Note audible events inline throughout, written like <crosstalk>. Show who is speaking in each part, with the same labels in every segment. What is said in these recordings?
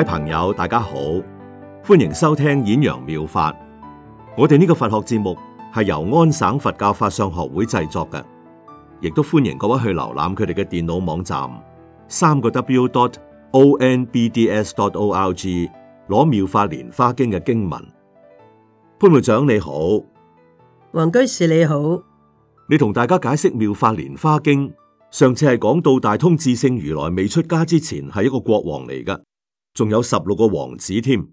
Speaker 1: 各位朋友，大家好，歡迎收聽《演揚妙，妙法》。我哋呢個佛學節目係由安省佛教法相學會製作嘅，亦都歡迎各位去瀏覽佢哋嘅電腦網站，三個 w dot o n b d s dot o r g 攞《妙法蓮花經》嘅經文。潘會長你好，黃居士你好，你同大家解釋《妙法蓮花經》。上次係講到大通智勝如來未出家之前係一個國王嚟噶。仲有十六個王子添。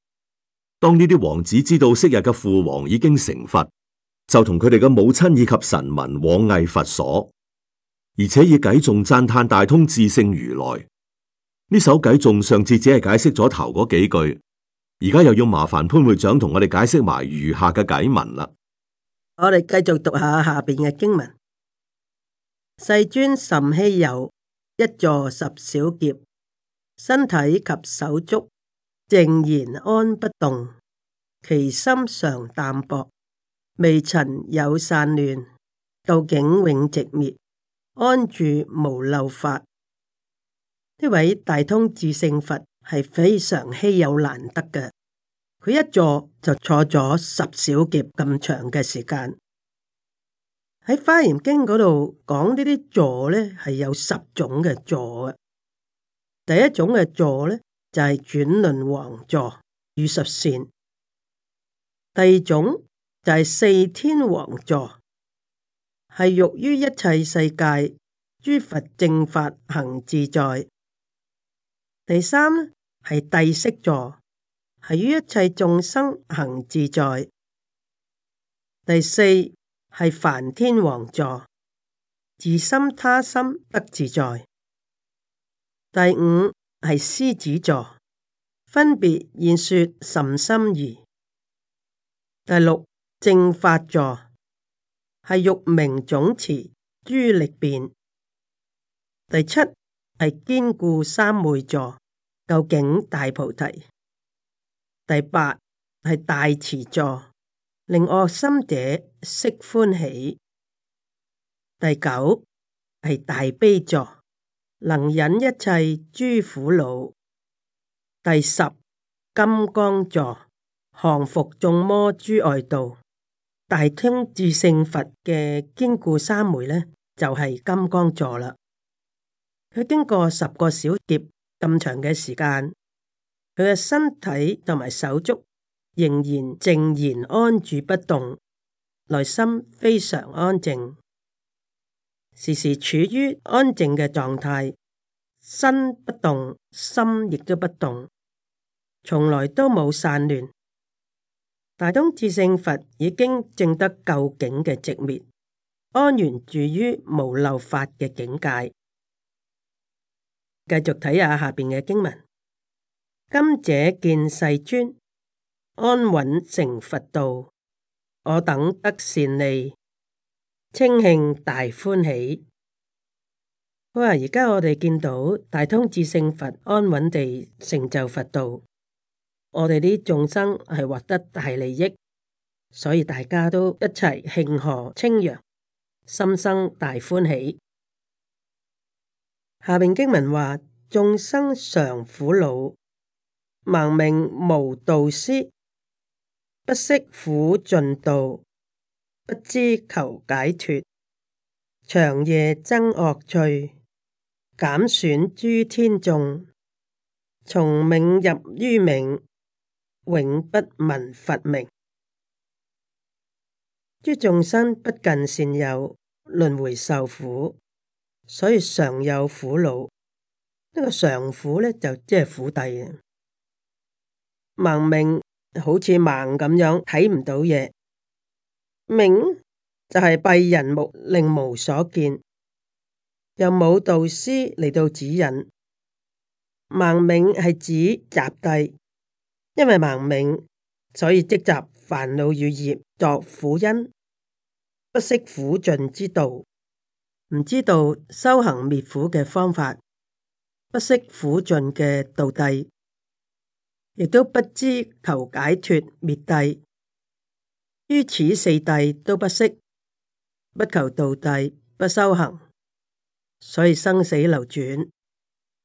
Speaker 1: 當呢啲王子知道昔日嘅父王已經成佛，就同佢哋嘅母親以及臣民往詣佛所，而且以偈頌讚歎大通智勝如來。呢首偈頌上次只係解釋咗頭嗰幾句，而家又要麻煩潘會長同我哋解釋埋餘下嘅偈文啦。
Speaker 2: 我哋繼續讀下下邊嘅經文：世尊甚希有，一坐十小劫。身體及手足，靜然安不動，其心常淡薄，未曾有散亂，究竟永寂滅，安住無漏法。呢位大通智勝佛係非常稀有難得嘅，佢一坐就坐咗十小劫咁長嘅時間。喺《華嚴經》嗰度講呢啲坐咧係有十種嘅坐。啊。第一種嘅座咧，就係、是、轉輪王座，與十善；第二種就係、是、四天王座，係欲於一切世界諸佛正法行自在；第三咧係帝釋座，係於一切眾生行自在；第四係梵天王座，自心他心得自在。第五係獅子座，分別現說甚深意。第六正法座係欲明總持，諸力辯。第七係堅固三昧座，究竟大菩提。第八係大慈座，令惡心者悉歡喜。第九係大悲座。能忍一切諸苦惱，第十金剛座降伏眾魔諸外道。大通智勝佛嘅堅固三昧呢，就係、是、金剛座啦。佢經過十個小劫咁長嘅時間，佢嘅身體同埋手足仍然靜然安住不動，內心非常安靜。時時處於安靜嘅狀態，身不動，心亦都不動，從來都冇散亂。大通智勝佛已經證得究竟嘅寂滅，安然住於無漏法嘅境界。繼續睇下下邊嘅經文：今者見世尊，安穩成佛道，我等得善利。清慶大歡喜，好哇、啊！而家我哋見到大通智勝佛安穩地成就佛道，我哋啲眾生係獲得大利益，所以大家都一齊慶賀、清揚，心生大歡喜。下邊經文話：眾生常苦惱，盲瞑無導師，不識苦盡道。不知求解脫，長夜增惡趣，減損諸天眾，從冥入於冥，永不聞佛名。諸眾生不近善友，輪迴受苦，所以常有苦惱。這個、苦呢個常苦咧，就即係苦諦啊！盲命好似盲咁樣，睇唔到嘢。冥就係、是、閉人目令無所見，由無導師嚟到指引。盲冥係指集諦，因為盲冥，所以積集煩惱與業作苦因，不識苦盡之道，唔知道修行滅苦嘅方法，不識苦盡嘅道諦，亦都不知求解脫滅諦。於此四諦都不識，不求道諦，不修行，所以生死流轉，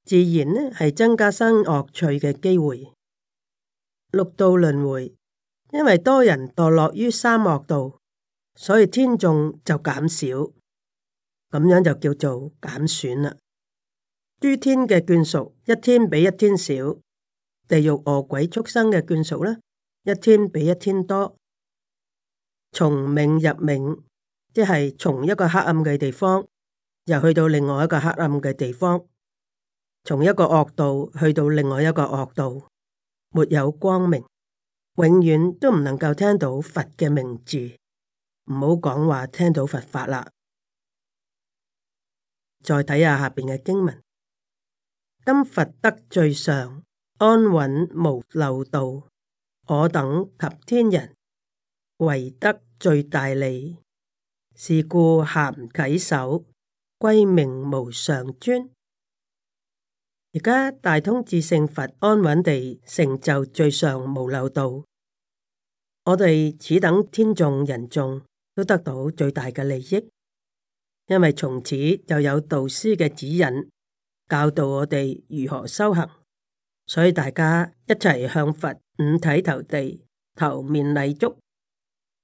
Speaker 2: 自然呢係增加生惡趣嘅機會。六道輪回，因為多人墮落於三惡道，所以天眾就減少，咁樣就叫做減損啦。諸天嘅眷屬一天比一天少，地獄餓鬼畜生嘅眷屬呢，一天比一天多。從冥入冥，即係從一個黑暗嘅地方，又去到另外一個黑暗嘅地方；從一個惡道去到另外一個惡道，沒有光明，永遠都唔能夠聽到佛嘅名字，唔好講話聽到佛法啦，再睇下下邊嘅經文：今佛得最上，安穩無漏道，我等及天人。為得最大利，是故咸稽首歸命無上尊。而家大通智勝佛安穩地成就最上無漏道，我哋此等天眾人眾都得到最大嘅利益，因為從此就有導師嘅指引，教導我哋如何修行，所以大家一齊向佛五體投地，頭面禮足。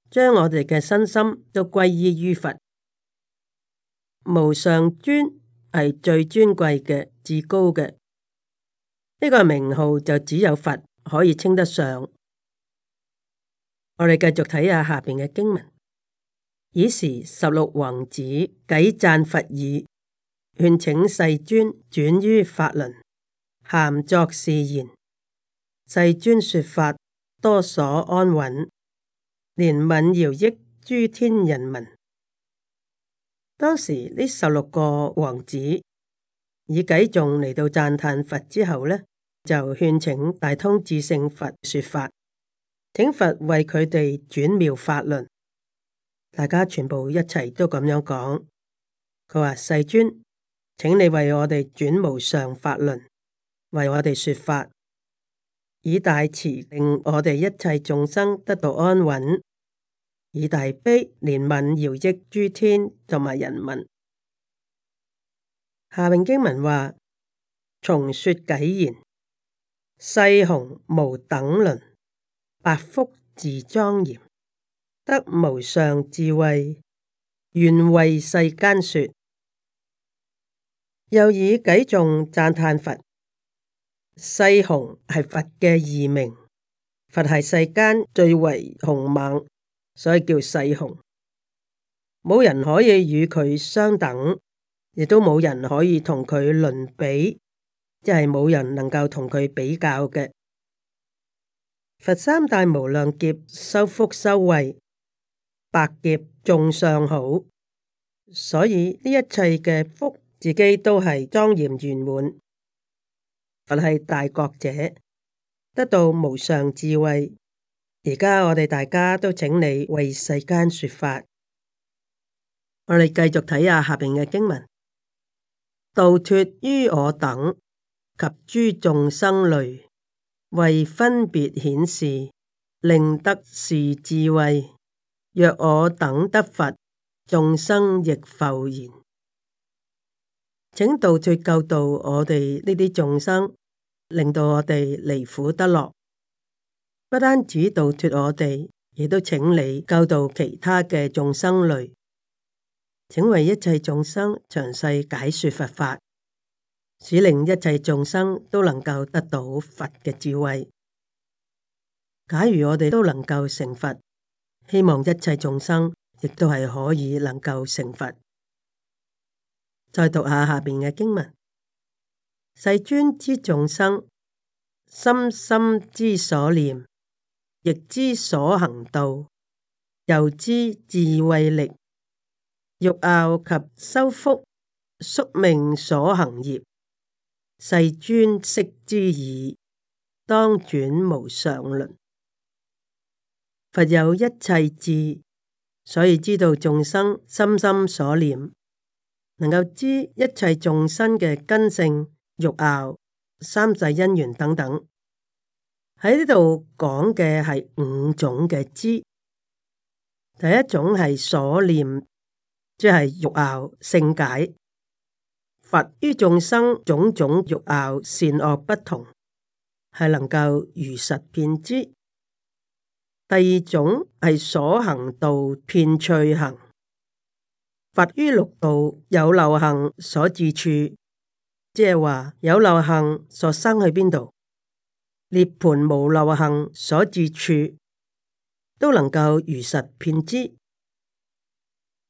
Speaker 2: 將我哋嘅身心都歸依於佛。無上尊係最尊貴嘅至高嘅，呢個名號就只有佛可以稱得上。我哋繼續睇下下邊嘅經文。爾時十六王子偈讚佛已，勸請世尊轉於法輪，咸作是言：世尊說法多所安穩。憐憫饒益諸天人民。當時呢十六個王子以偈頌嚟到讚嘆佛之後呢，就勸請大通智勝佛說法，請佛為佢哋轉妙法輪。大家全部一齊都咁樣講。佢話世尊，請你為我哋轉無上法輪，為我哋說法，以大慈令我哋一切眾生得到安穩。以大悲憐憫饒益諸天同埋人民。下面經文話：重說偈言，世雄無等倫，百福自莊嚴，得無上智慧，願為世間說。又以偈頌讚嘆佛，世雄係佛嘅異名，佛係世間最為雄猛。所以叫世雄，冇人可以與佢相等，亦都冇人可以同佢倫比，即係冇人能夠同佢比較嘅。佛三大無量劫修福修慧，百劫眾相好，所以呢一切嘅福自己都係莊嚴圓滿，佛係大覺者，得到無上智慧。而家我哋大家都請你為世間說法，我哋繼續睇下下邊嘅經文，度脫於我等及諸眾生類，為分別顯示，令得是智慧。若我等得佛，眾生亦復然。請度脫救度我哋呢啲眾生，令到我哋離苦得樂。不單止導脫我哋，亦都請你教導其他嘅眾生類，請為一切眾生詳細解說佛法，使令一切眾生都能夠得到佛嘅智慧。假如我哋都能夠成佛，希望一切眾生亦都係可以能夠成佛。再讀下下邊嘅經文：世尊知眾生心心之所念。亦知所行道，又知智慧力欲拗及修福，宿命所行業，世尊悉知矣，當轉無上輪，佛有一切智，所以知道眾生心心所念，能夠知一切眾生嘅根性、欲拗、三世因緣等等。喺呢度講嘅係五種嘅知，第一種係所念，即係欲拗性解，佛於眾生種種欲拗善惡不同，係能夠如實遍知。第二種係所行道遍趣行，佛於六道有漏行所至處，即係話有漏行所生去邊度。涅盤無漏行所至處，都能夠如實遍知。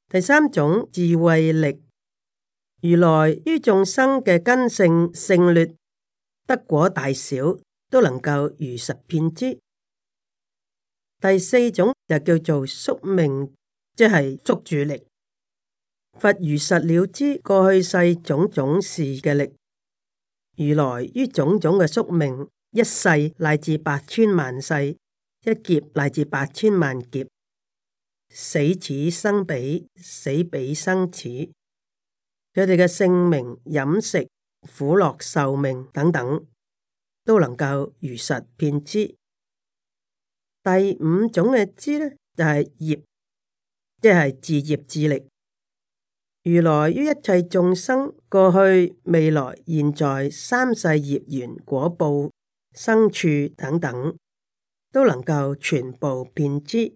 Speaker 2: 第三種智慧力，如來於眾生嘅根性，性略、勝劣、得果大小，都能夠如實遍知。第四種就叫做宿命，即係宿住力。佛如實了知過去世種種事嘅力，如來於種種嘅宿命。一世乃至百千萬世，一劫乃至百千萬劫，死此生彼，死彼生此。佢哋嘅姓名、飲食、苦樂、壽命等等，都能夠如實遍知。第五種嘅知呢，就係業，即係自業自力，如來於一切眾生過去、未來、現在三世業緣果報，牲畜等等都能夠全部辨知，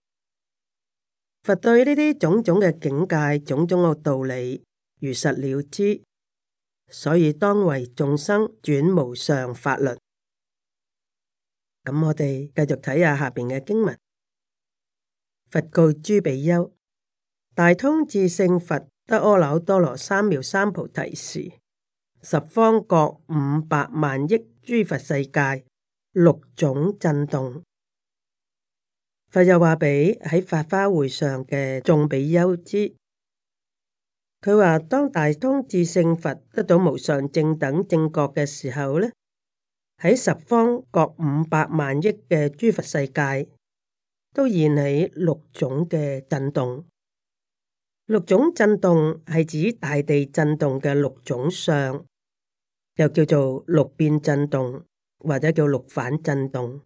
Speaker 2: 佛對呢啲種種嘅境界、種種嘅道理如實了知。所以當為眾生轉無上法輪。咁我哋繼續睇下下邊嘅經文。佛告諸比丘：大通智勝佛得阿耨多羅三藐三菩提時，十方各五百萬億。諸佛世界六種震動，佛又話俾喺法花會上嘅眾比丘知，佢話當大通智勝佛得到無上正等正覺嘅時候呢，喺十方各五百萬億嘅諸佛世界都現起六種嘅震動。六種震動係指大地震動嘅六種相。又叫做六變震動，或者叫六反震動，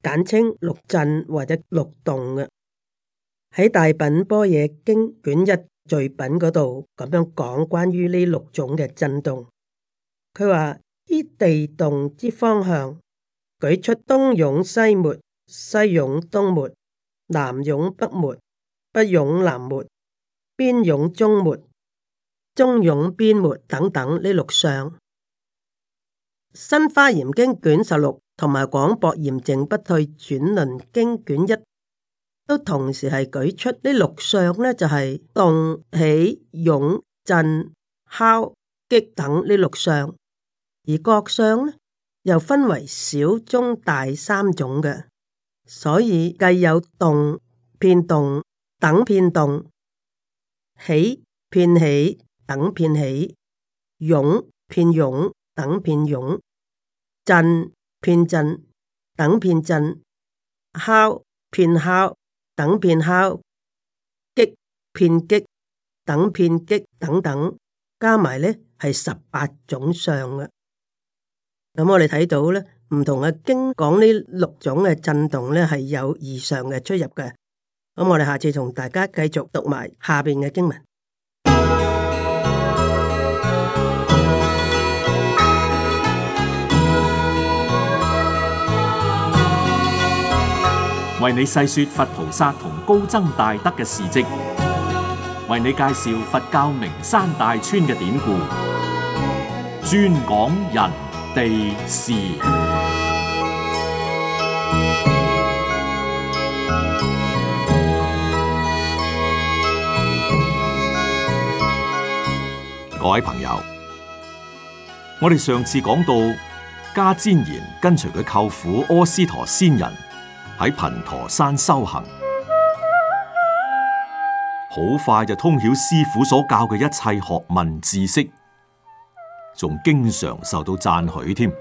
Speaker 2: 簡稱六震或者六動嘅，喺大品般若經卷一序品嗰度咁樣講關於呢六種嘅震動。佢話：依地動之方向，舉出東涌西沒、西涌東沒、南涌北沒、北涌南沒、邊涌中沒。中涌邊沒等等呢六相，《新華嚴經卷十六》同埋《廣博嚴淨不退轉輪經卷一》都同時係舉出呢六相咧，就係、是、動起涌震敲擊等呢六相，而各相呢又分為小、中、大三種嘅，所以既有動、變動、等變動、起、變起。等片起，湧片湧，等片湧；震片震，等片震；敲片敲，等片敲；擊片擊，等片擊。等等，加埋咧係十八種相嘅。咁我哋睇到咧，唔同嘅經講呢六種嘅震動咧，係有異常嘅出入嘅。咁我哋下次同大家繼續讀埋下邊嘅經文。
Speaker 1: 為你細說佛菩薩同高僧大德嘅事跡，為你介紹佛教名山大川嘅典故，專講人地事。各位朋友，我哋上次講到迦旃延跟隨佢舅父阿斯陀仙人。喺貧陀山修行，好快就通曉師父所教嘅一切學問知識，仲經常受到讚許添。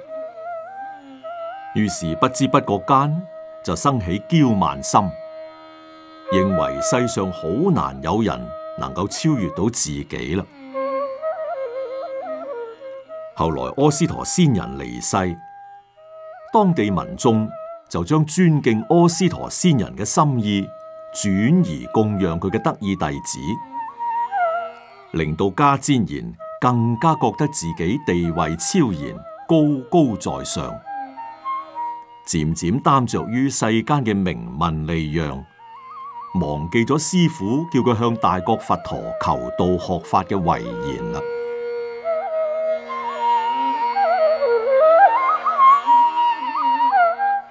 Speaker 1: 於是不知不覺間就生起驕慢心，認為世上好難有人能夠超越到自己啦。後來阿斯陀仙人離世，當地民眾，就將尊敬阿斯陀仙人嘅心意轉移供養佢嘅得意弟子，令到迦旃延更加覺得自己地位超然，高高在上，漸漸擔着於世間嘅名聞利養，忘記咗師父叫佢向大國佛陀求道學法嘅遺言啦。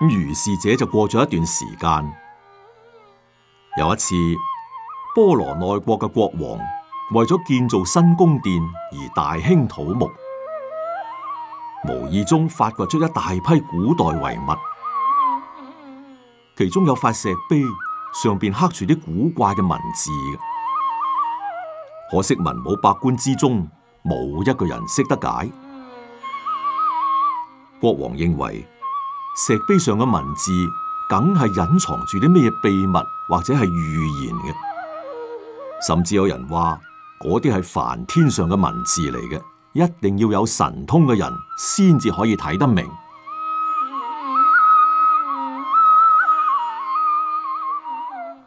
Speaker 1: 咁如是者就過咗一段時間。有一次，波羅奈國嘅國王為咗建造新宮殿而大興土木，無意中發掘出一大批古代遺物，其中有塊石碑，上邊刻住啲古怪嘅文字。可惜文武百官之中冇一個人識得解。國王認為。石碑上嘅文字，梗係隱藏住啲咩秘密或者係預言嘅，甚至有人話嗰啲係梵天上嘅文字嚟嘅，一定要有神通嘅人先至可以睇得明。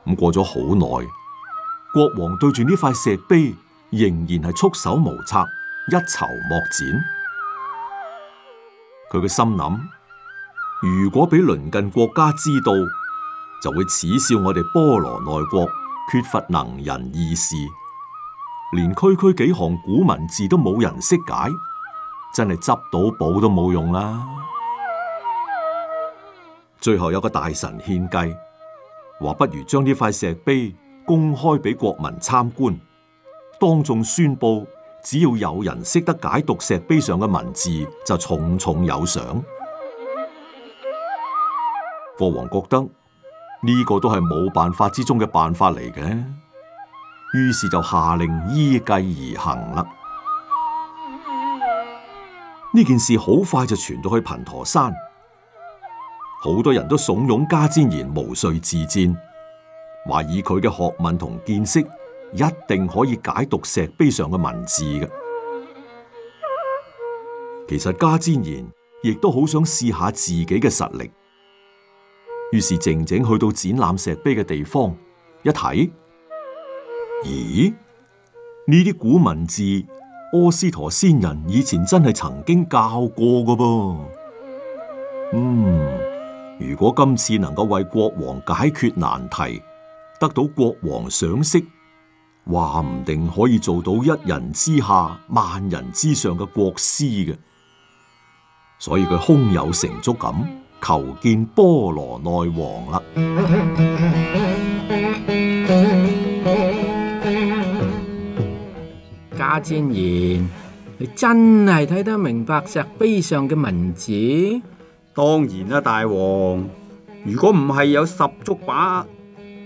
Speaker 1: 咁過咗好耐，國王對住呢塊石碑，仍然係束手無策，一籌莫展。佢嘅心諗。如果俾鄰近國家知道，就會恥笑我哋波羅奈國缺乏能人異士，連區區幾行古文字都冇人識解，真係執到寶都冇用啦、啊。最後有個大臣獻計，話不如將呢塊石碑公開俾國民參觀，當眾宣布，只要有人識得解讀石碑上嘅文字，就重重有賞。國王覺得呢、這個都係冇辦法之中嘅辦法嚟嘅，於是就下令依計而行啦。呢 <noise> 件事好快就傳到去貧陀山，好多人都慫恿迦旃延毛遂自薦，話以佢嘅學問同見識一定可以解讀石碑上嘅文字嘅。其實迦旃延亦都好想試下自己嘅實力。於是靜靜去到展覽石碑嘅地方一睇，咦？呢啲古文字，阿斯陀先人以前真係曾經教過嘅噃。嗯，如果今次能夠為國王解決難題，得到國王賞識，話唔定可以做到一人之下、萬人之上嘅國師嘅。所以佢胸有成竹咁。求見波羅奈王啦。
Speaker 3: 迦旃延，你真係睇得明白
Speaker 4: 石碑上嘅文字？當然啦，啊，大王。如果唔係有十足把握，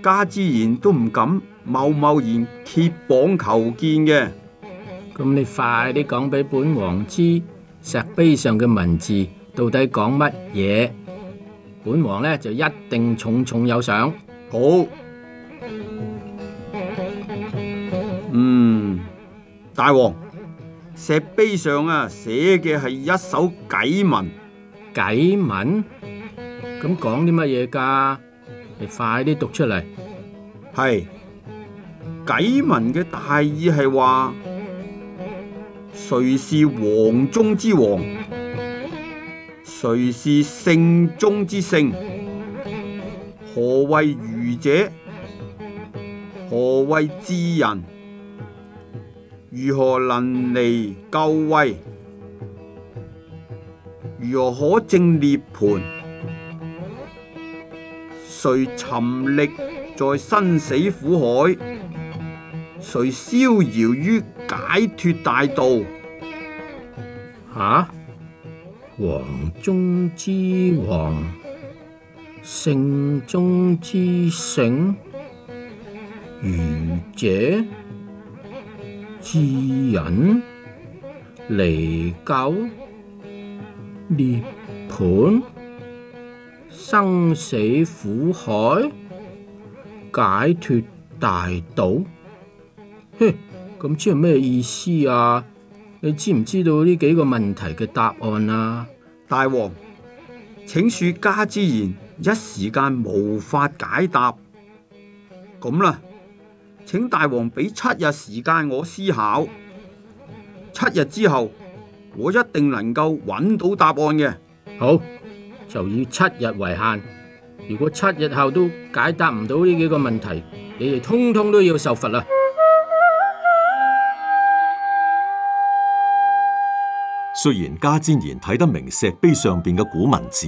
Speaker 4: 迦旃延都唔敢貿貿然揭榜求見嘅。咁你快啲講俾本王知，
Speaker 3: 石碑上嘅文字到底講乜嘢？本王咧就一
Speaker 4: 定重重有賞。好，嗯，大王，石碑上啊寫嘅係一首偈文。偈文？咁講啲乜嘢噶？你快啲讀出嚟。係偈文嘅大意係話，誰是王中之王？誰是聖中之聖？何謂愚者？何謂智人？如何能離垢穢？如何可證涅槃？誰沉溺在生死苦海？誰逍遙於解脫大道？啊
Speaker 3: 王中之王，聖中之聖，愚者智忍離垢涅盤，生死苦海解脫大道。嘿，咁即係咩意思啊？你知唔知道呢幾個問題嘅
Speaker 4: 答案啊？大王，請恕家之言，一時間無法解答。咁啦，請大王俾七日時間我思考。七日之後，我一定能夠揾到答案嘅。好，就以七日為限。如果
Speaker 3: 七日後都解答唔到呢幾個問題，你哋通通都要受罰啦。
Speaker 1: 雖然迦旃延睇得明石碑上面嘅古文字，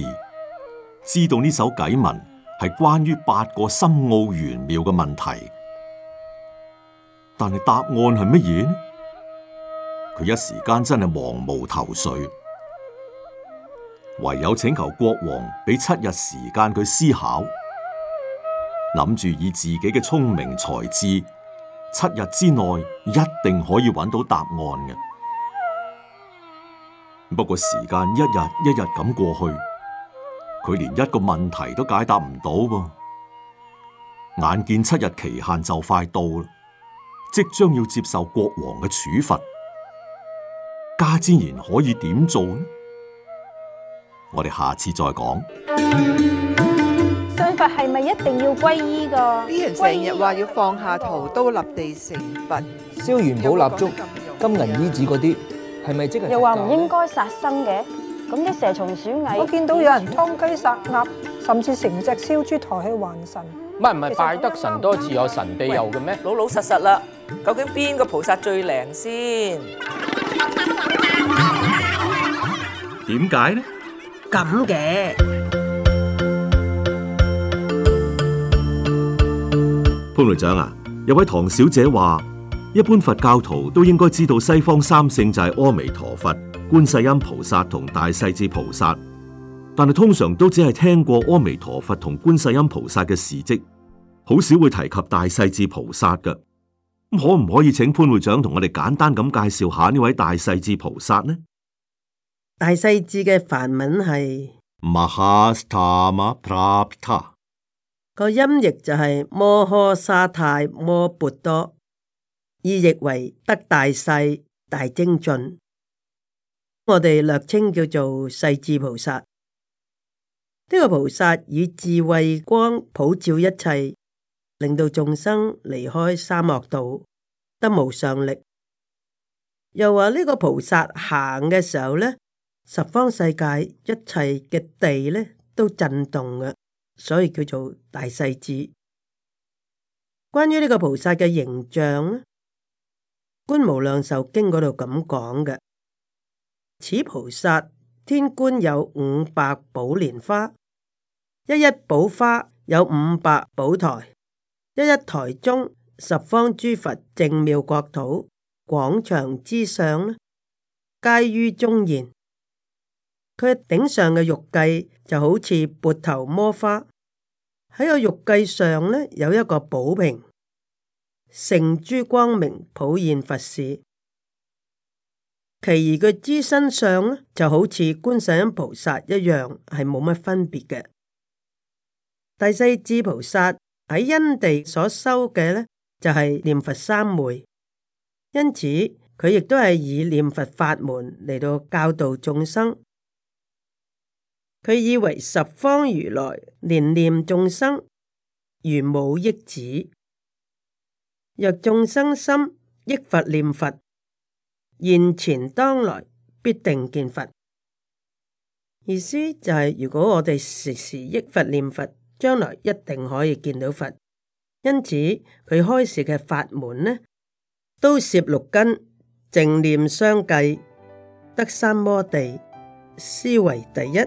Speaker 1: 知道呢首偈文係關於八個深奧玄妙嘅問題，但係答案係乜嘢呢？佢一時間真係茫無頭緒，唯有請求國王俾七日時間佢思考，諗住以自己嘅聰明才智，七日之內一定可以揾到答案嘅。不過時間一日一日咁過去，佢連一個問題都解答唔到噃。眼見七日期限就快到啦，即將要接受國王嘅處罰，迦旃延可以點做呢？我哋下次再講。
Speaker 3: 信佛係咪一定要皈依噶？啲人成日話要放下屠刀立地成佛，燒元寶蠟燭、金銀衣紙嗰啲。又話唔應該殺生嘅，咁啲蛇蟲鼠蟻，我見到有人劏雞殺鴨，甚至成隻燒
Speaker 4: 豬抬去還神。
Speaker 3: 唔係唔係，拜得神多自有神庇佑嘅咩？老老實實啦，究竟邊個菩薩最靈先？
Speaker 1: 點解呢？
Speaker 2: 咁嘅
Speaker 1: 潘隊長啊，有位唐小姐話。一般佛教徒都應該知道西方三聖就係阿彌陀佛、觀世音菩薩同大勢至菩薩，但係通常都只係聽過阿彌陀佛同觀世音菩薩嘅事跡，好少會提及大勢至菩薩嘅。咁可唔可以請潘會長同我哋簡單咁介紹下呢位大勢至菩薩呢？
Speaker 2: 大勢至嘅梵文係
Speaker 1: Mahastama Prapta，
Speaker 2: 個音譯就係、是、摩訶沙太摩勃多。意譯為得大勢大精進，我哋略稱叫做勢至菩薩。呢、這個菩薩以智慧光普照一切，令到眾生離開三惡道，得無上力。又話呢個菩薩行嘅時候呢，十方世界一切嘅地呢都震動嘅，所以叫做大勢至。關於呢個菩薩嘅形象觀無量壽經嗰度咁講嘅，此菩薩天官有五百寶蓮花，一一寶花有五百寶台，一一台中十方諸佛淨妙國土廣場之上呢，皆於中現。佢頂上嘅玉髻就好似鉢頭摩花，喺個玉髻上呢有一個寶瓶。成諸光明普現佛事，其餘嘅資身上咧，就好似觀世音菩薩一樣，係冇乜分別嘅。大勢至菩薩喺因地所修嘅咧，就係、是、念佛三昧，因此佢亦都係以念佛法門嚟到教導眾生。佢以為十方如來憐念念眾生如母益子，若眾生心憶佛念佛，現前當來必定見佛。意思就係、是、如果我哋時時憶佛念佛，將來一定可以見到佛。因此佢開示嘅法門呢，都攝六根，淨念相繼，得三摩地，斯為第一。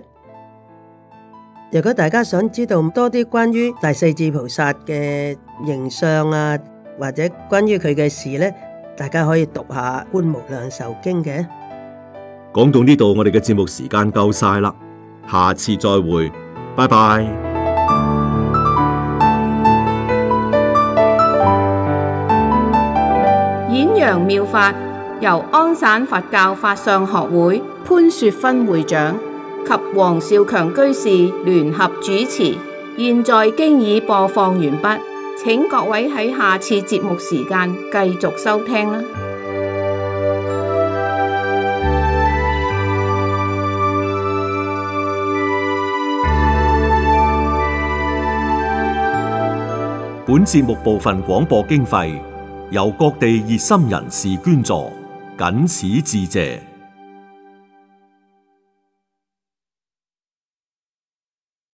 Speaker 2: 如果大家想知道多啲關於大勢至菩薩嘅形象啊，或者關於佢嘅事呢，大家可以讀下《觀無量壽經》嘅。
Speaker 1: 講到呢度，我哋嘅節目時間夠晒啦，下次再會，拜拜。
Speaker 3: <music> 演揚妙法由安省佛教法相學會潘雪芬會長及黃少強居士聯合主持，現在經已播放完畢。請各位喺下次節目時間繼續收聽啦。
Speaker 1: 本節目部分廣播經費由各地熱心人士捐助，僅此致謝。